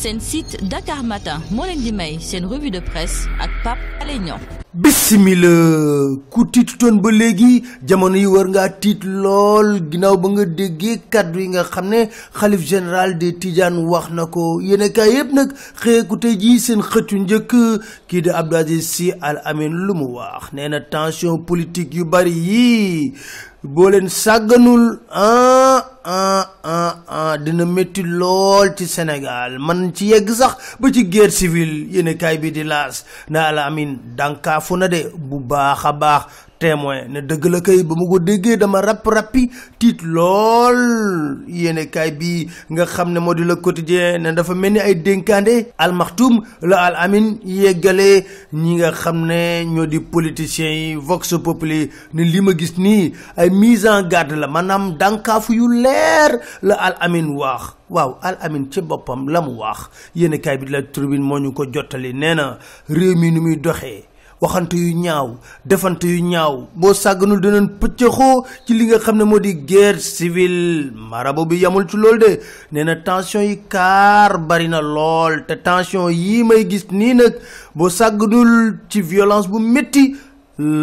seen site Dakar Matin moo leen di may seen revue de presse ak Pape Alé Niang bisimila ku tiitutoon ba léegi jamono yi war ngaa tiit lool ginnaaw ba nga déggee kaddu yi nga xam ne xalif général de Tidiane wax na ko yéen kaay yëpp nag xëye ku tey jii seen xëtu njëkk kii di Abdou Aziz si Al Amine lu mu wax nee na tension politique yu bari yii boo leen sàgganul ah Ah, ah, ah, dina métti lool ci Sénégal man ci yegg sax ba ci guerre civile yéen kaay bi di laas na Al Amine dànkaafu na de bu baax a baax témoin ne dëgg la kay ba mu ko déggee dama rap rappi tiit lool yéenekaay bi nga xam ne moo di la Le Quotidien ne dafa mel ni ay dénkaande almaxtum la al amin yeggale ñi nga xam ne ñoo di politiciens yi vox populi ne li ma gis nii ay mise en garde la maanaam dànkaafu yu leer la al amin waax waaw al amin ci boppam la mu waax yéenekaay bi la tribune moo ñu ko jottali nee na réew mi nu muy doxee waxante yu ñaaw defante yu ñaaw boo sàgganul dinañ pëccëxoo ci li nga xam ne moo di guerre civile marabo bi yamul ci loolu de nee na tension yi kaar bari na lool te tension yii may gis nii nag boo sàgganul ci violence bu métti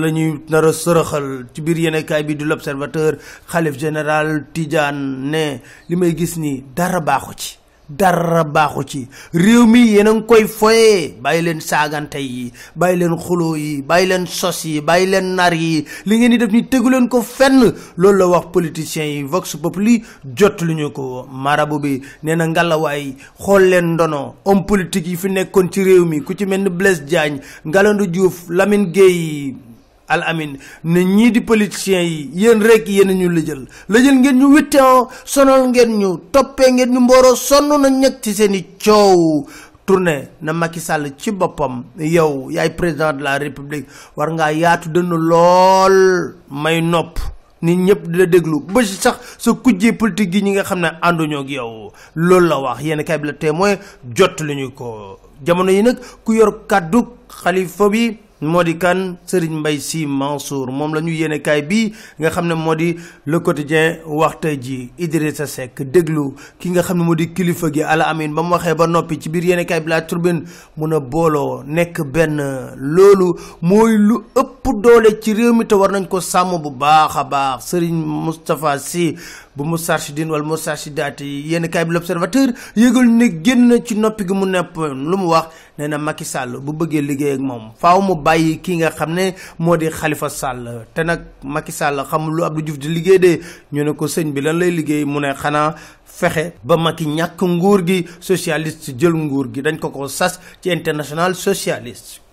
lañuy ñuy nar sërëxal ci biir yenekaay bi du l'observateur xalif général Tidiane ne li may gis nii dara baaxu ci dara baaxu ci réew mi yéen a ngi koy foyee bàyyi leen saagante yi bàyyi leen xuloo yi bàyyi leen sos yi bàyyi leen nar yi li ngeen di def ni tegu leen ko fenn loolu la wax politiciens yi vox populi jot lu ñu ko marabu bi nee na ngalawaay xool leen ndono homme politique yi fi nekkoon ci réew mi ku ci mel ni Blaise Diagne Ngalandou Diouf Lamine Guèye al amin ne ñii di politiciens yi yéen rek yéen ñu lëjal lëjal ngeen ñu witte sonal ngeen ñu toppee ngeen ñu mbooroo sonn na ñëg ci seen i coow tourné na Macky Sall ci boppam yow yaay président de la république war ngaa yaatu dënn lool may nopp ni ñëpp di la déglu ba si sax sa kujjee politique gi ñi nga xam ne ànduñoo ak yow loolu la wax yéen kay bi la témoin jot lu ñu ko jamono yi nag ku yor kàddu xalifa bi moo di kan Serigne Mbaye Sy Mansour moom la ñu yéene bii nga xam ne moo di le quotidien waxte ji jii sa Seck déglu ki nga xam ne moo di kilifa gi ala amin ba mu waxee ba noppi ci biir yéene bi laa turbine mun a booloo nekk benn loolu mooy lu ëpp. pour doole ci réew mi te war nañ ko sàmm bu baax a baax Serigne Moustapha Sy bu Moustarchidine wala Moustarchidaat yi yenn kaay bi l'observateur yëgal ne génn ci noppi gi mu nepp lu mu wax nee na Macky Sall bu bëggee liggéey ak moom faaw mu bàyyi kii nga xam ne moo di xalifa sàll te nag Macky Sall xamul lu Abdou Diouf di liggéey de ñu ne ko sëñ bi lan lay liggéey mu ne xanaa fexe ba Macky ñàkk nguur gi socialiste jël nguur gi dañ ko ko sas ci international socialiste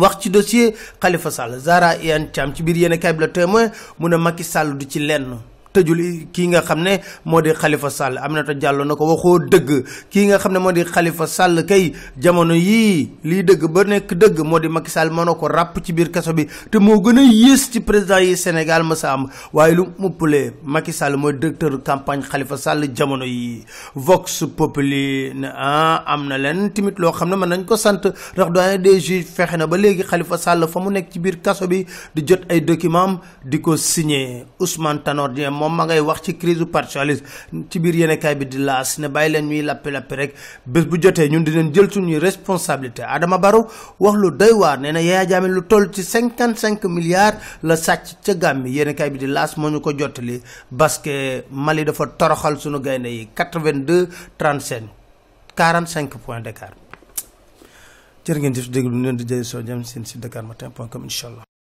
wax ci dossier Khalifa Sall zara Iyane Thiam ci biir yéen a kaay bi la témoin mu ne Macky Sall du ci lenn tëjul kii nga xam ne moo di Khalifa Sall Aminata Diallo na ko waxoo dëgg kii nga xam ne moo di Khalifa Sall kay jamono yii lii dëgg ba nekk dëgg moo di Macky Sall moo na ko ràpp ci biir kaso bi te moo gën a yées ci président yi Sénégal ma sa waaye lu mu ëppalee Macky Sall mooy directeur campagne xalifa sàll jamono yii Vox Populi ne ah am na leen tamit loo xam ne mën nañ ko sant ndax doyen des juges fexe na ba léegi xalifa sàll fa mu nekk ci biir kaso bi di jot ay documents di ko signé Ousmane Tanor Dieng moom ma ngay wax ci crise partialiste ci biir yéenekaay bi di laas ne bàyyi leen ñuy lappi-lappi rek bés bu jotee ñun di leen jël suñuy responsabilité Adama Barrow wax lu doy waar nee na Yaya Jammeh lu toll ci cinquante cinq milliards la sàcc ca Gàmbi yéenekaay bi di laas moo ñu ko jottali parce que Mali dafa toroxal suñu gaynde yi 82 35 45 points d'écart jërë ngeen jëf déglu ñu leen di jëy soo jëm seen si dakar matin point com incha